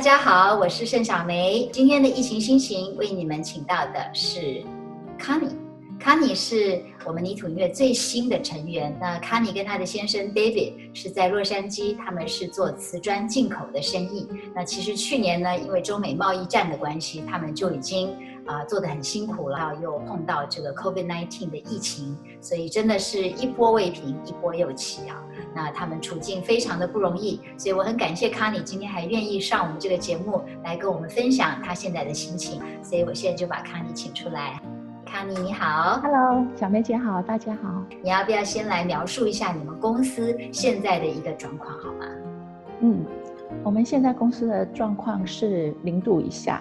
大家好，我是盛曉玫。今天的疫情心情，為你們請到的是 Connie。Connie 是我們泥土音樂最新的成員。那 Connie 跟她的先生 David 是在洛杉磯，他們是做瓷磚進口的生意。那其實去年呢，因為中美貿易戰的關係，他們就已經，啊，做得很辛苦了，然後又碰到這個 COVID-19 的疫情，所以真的是一波未平，一波又起啊。那他們處境非常的不容易，所以我很感謝康妮今天還願意上我們這個節目來跟我們分享她現在的心情。所以我現在就把康妮請出來。康妮你好，哈囉，小梅姐好，大家好。你要不要先來描述一下你們公司現在的一個狀況好嗎？嗯，我們現在公司的狀況是零度以下。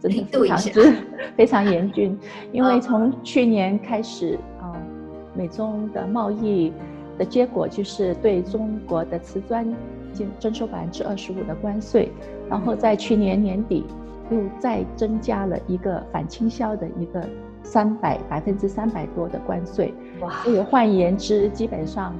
真的非常之非常嚴峻，因為從去年開始啊，美中的貿易的結果就是對中國的瓷磚進徵收百分之二十五的關稅，然後在去年年底又再增加了一個反傾銷的一個三百百分之三百多的關稅。哇！所以換言之，基本上。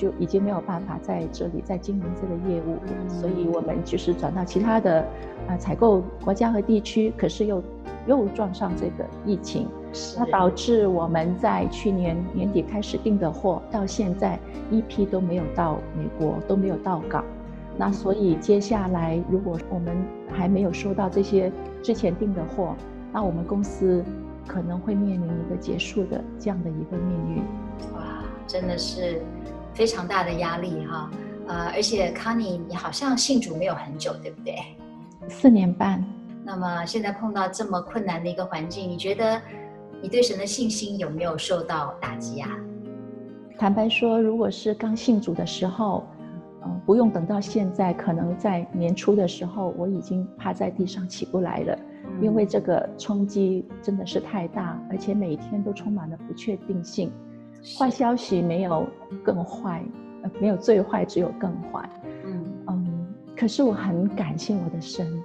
就已經沒有辦法在這裡再經營這個業務，嗯、所以我們就是轉到其他的啊、呃、採購國家和地區，可是又又撞上這個疫情，是那導致我們在去年年底開始訂的貨，到現在一批都沒有到美國，都沒有到港。那所以接下來如果我們還沒有收到這些之前訂的貨，那我們公司可能會面臨一個結束的這樣的一個命運。哇，真的是。非常大的壓力哈、哦，呃，而且康妮你好像信主沒有很久，對不對？四年半。那麼，現在碰到這麼困難的一個環境，你覺得你對神的信心有沒有受到打擊啊？坦白說，如果是剛信主的時候，嗯、呃，不用等到現在，可能在年初的時候，我已經趴在地上起不來了，嗯、因為這個衝擊真的是太大，而且每天都充滿了不確定性。壞消息沒有更壞，呃，沒有最壞，只有更壞。嗯，嗯，可是我很感謝我的神，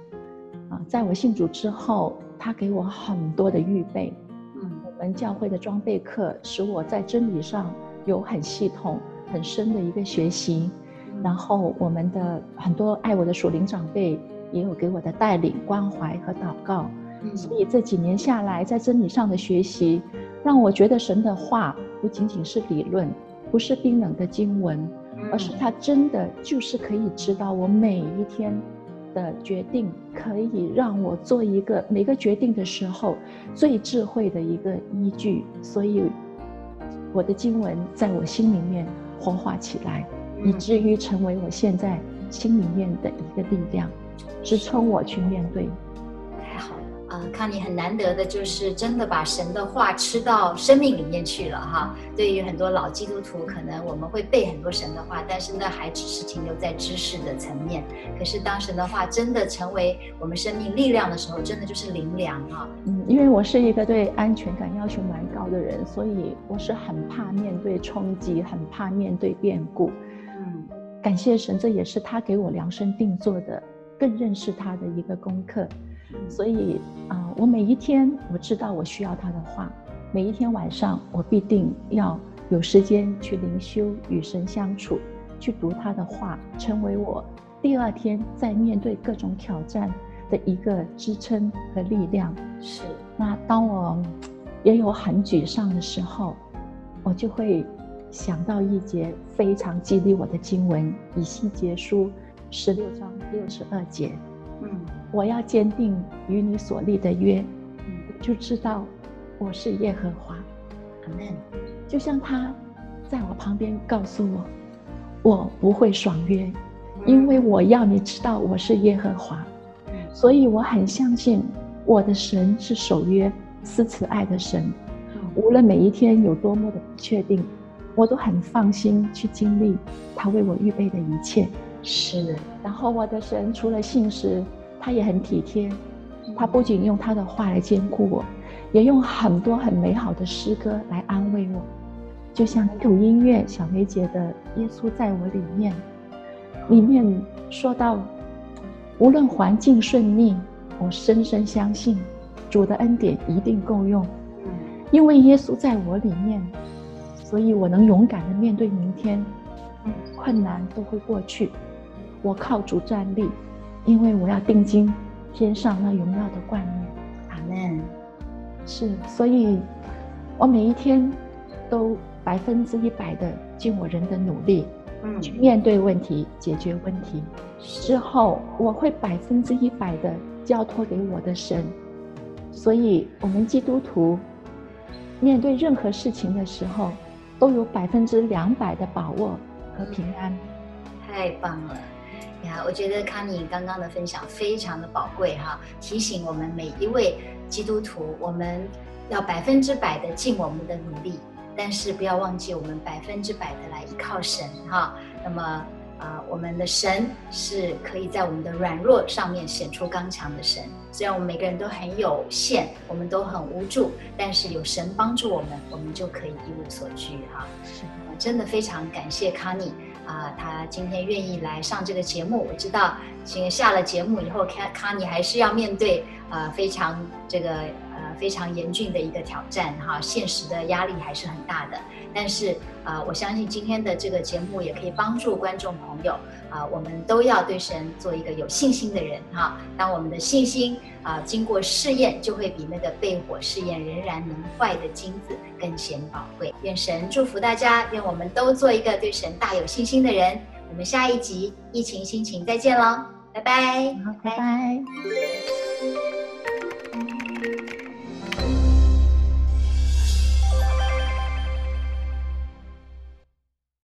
啊，在我信主之後，他給我很多的預備。嗯，嗯，我們教會的裝備課使我在真理上有很系統、很深的一個學習。嗯。然後，我們的很多愛我的屬靈長輩也有給我的帶領、關懷和禱告。嗯，所以這幾年下來，在真理上的學習，讓我覺得神的話。不僅僅是理論，不是冰冷的經文，而是它真的就是可以知道我每一天的決定，可以讓我做一個每個決定的時候最智慧的一個依據。所以，我的經文在我心裡面活化起來，以至於成為我現在心裡面的一個力量，支撐我去面對。看你很難得的就是真的把神的話吃到生命裡面去了哈。對於很多老基督徒，可能我們會背很多神的話，但是呢，還只是停留在知識的層面。可是當神的話真的成為我們生命力量的時候，真的就是靈糧啊。嗯，因為我是一個對安全感要求蠻高的人，所以我是很怕面對衝擊，很怕面對變故。嗯，感謝神，這也是他給我量身定做的，更認識他的一個功課。所以啊、呃，我每一天我知道我需要他的話，每一天晚上我必定要有時間去靈修、與神相處，去讀他的話，成為我第二天在面對各種挑戰的一個支撐和力量。是。那當我也有很沮喪的時候，我就會想到一節非常激勵我的經文，《以西結書》十六章六十二節。嗯。我要堅定與你所立的約，就知道我是耶和華。阿 Amen 就像他在我旁邊告訴我，我不會爽約，因為我要你知道我是耶和華。所以我很相信我的神是守約、是慈愛的神。無論每一天有多麼的不確定，我都很放心去經歷他為我預備的一切。是。然後我的神除了信實。他也很體貼，他不僅用他的話來堅固我，也用很多很美好的詩歌來安慰我。就像一種音樂曉玫姐的《耶穌在我裡面》，裡面說到：“無論環境順逆，我深深相信主的恩典一定夠用，因為耶穌在我裡面，所以我能勇敢地面對明天，困難都會過去，我靠主站立。”因為我要定睛天上那榮耀的冠冕，阿門 Amen。是，所以，我每一天都100，都百分之一百的盡我人的努力，嗯，去面對問題，解決問題。之後我會百分之一百的交托給我的神。所以，我們基督徒，面對任何事情的時候，都有百分之兩百的把握和平安。太棒了。呀，我覺得康妮剛剛的分享非常的寶貴哈、哦，提醒我們每一位基督徒，我們要百分之百的盡我們的努力，但是不要忘記我們百分之百的來依靠神哈、哦。那麼啊、呃，我們的神是可以在我們的軟弱上面顯出剛強的神。雖然我們每個人都很有限，我們都很無助，但是有神幫助我們，我們就可以一無所懼哈。哦、是我真的非常感謝康妮。啊、呃，他今天願意來上這個節目，我知道。請下了節目以後，康妮還是要面對啊、呃，非常這個。非常嚴峻的一個挑戰，哈，現實的壓力還是很大的。但是，呃，我相信今天的這個節目也可以幫助觀眾朋友，啊，呃，我們都要對神做一個有信心的人，哈。當我們的信心啊，呃，經過試驗，就會比那個被火試驗仍然能壞的金子更顯寶貴。願神祝福大家，願我們都做一個對神大有信心的人。我們下一集疫情心情再見嘍，拜拜，拜拜。